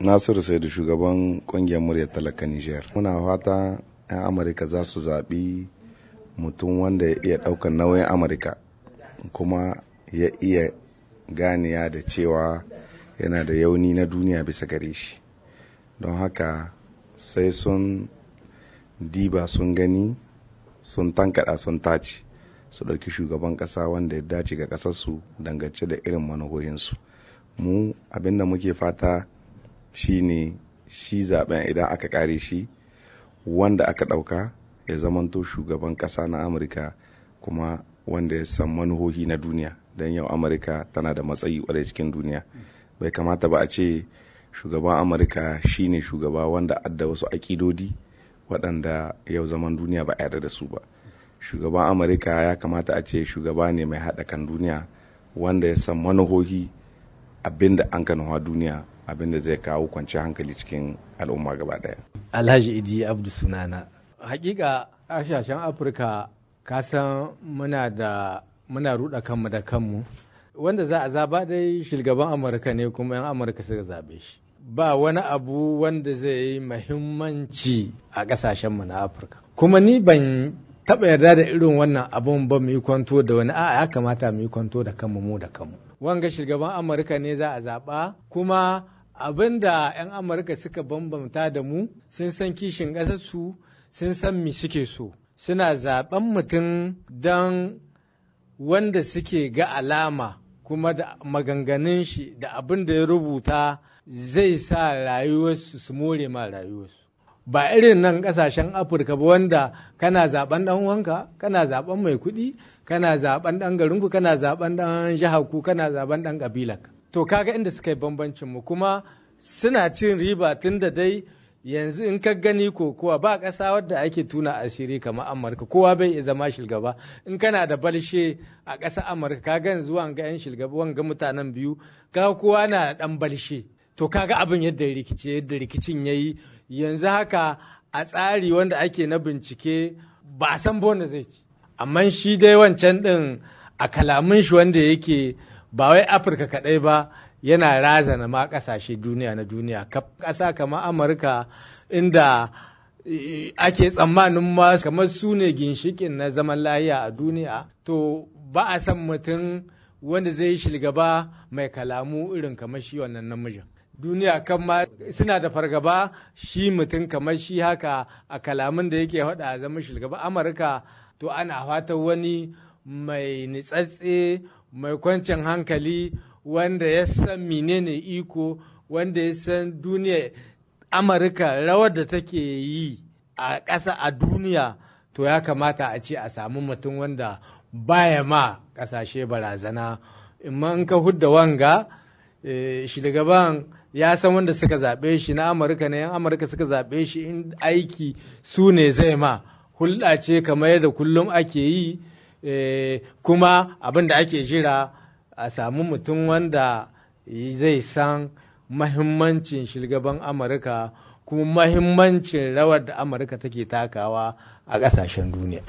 Nasiru sai da shugaban kungiyar murya talaka Nijar. Muna fata 'yan Amurka za su zaɓi mutum wanda ya iya ɗaukar nauyin Amurka kuma ya iya ganiya da cewa yana da yauni na duniya bisa gare shi. Don haka sai sun diba sun gani sun tankada sun tace su ɗauki shugaban ƙasa wanda ya dace ga ƙasarsu dangance da irin manohoyinsu. Mu abinda muke fata shine shi zaben idan aka kare shi wanda aka ɗauka ya zamanto shugaban ƙasa na amurka kuma wanda ya san manuhohi na duniya don yau amurka tana da matsayi wadda cikin duniya bai kamata ba a ce shugaban amurka shine shugaba wanda adda wasu akidodi waɗanda yau zaman duniya ba a yarda da su ba shugaban amurka ya kamata a ce shugaba ne mai haɗa kan duniya wanda ya san manuhohi abinda an kanuwa duniya abin da zai kawo kwanciyar hankali cikin al'umma gaba daya alhaji idi abdu sunana hakika ashashen afirka kasan muna da muna ruɗa kanmu da kanmu wanda za a zaba dai shugaban amurka ne kuma 'yan amurka suka zabe shi ba wani abu wanda zai yi mahimmanci a ƙasashenmu na afirka kuma ni ban taɓa yarda da irin wannan abun ba mu yi kwanto da wani a'a ya kamata mu yi kwanto da kanmu mu da kanmu wanga shugaban amurka ne za a zaɓa kuma abin da 'yan amurka suka bambanta da mu sun san kishin ƙasarsu sun san mi suke so suna zaben mutum don wanda suke ga alama kuma da maganganun shi da abin da ya rubuta zai sa rayuwarsu su more ma rayuwarsu ba irin nan kasashen afirka ba wanda kana zaben dan wanka kana zaben mai kuɗi kana zaben dan garinku kana zaben dan jihar ku kana zaben dan kabilaka to kaga inda suka yi bambancin mu kuma suna cin riba tun da dai yanzu in ka gani kokowa ba ƙasa wadda ake tuna asiri kamar amurka kowa bai iya zama shilgaba in kana da balshe a ƙasa amurka ka ga yanzu wanga yan shilgaba wanga mutanen biyu ka kowa na dan ɗan balshe to kaga abin yadda rikice yadda rikicin yayi yanzu haka a tsari wanda ake na bincike ba san bonus zai ci amma shi dai wancan ɗin a kalamin shi wanda yake ba wai afirka kaɗai ba yana razana ma ƙasashe duniya na duniya ƙasa kamar amurka inda ake tsammanin ma kamar su ne ginshikin na zaman lahiya a duniya to ba a san mutum wanda zai shilgaba mai kalamu irin kamar shi wannan namijin duniya kan ma suna da fargaba shi mutum kamar shi haka a kalamin da yake hada zama shilgaba amurka to ana fatan wani mai nitsatse mai kwancin hankali wanda ya san menene iko wanda ya san duniya amurka rawar da take yi a ƙasa a duniya to ya kamata a ce a samu mutum wanda baya ma ƙasashe barazana imma in ka hudda wanga eh, shugaban ya san wanda suka zaɓe shi na amurka na yan amurka suka zaɓe shi in aiki su ne zai ma hulɗa ce kamar yadda kullum ake yi Eh, kuma abin da ake jira a samu mutum wanda zai san mahimmancin shilgaban amurka kuma mahimmancin rawar da amurka take takawa a kasashen duniya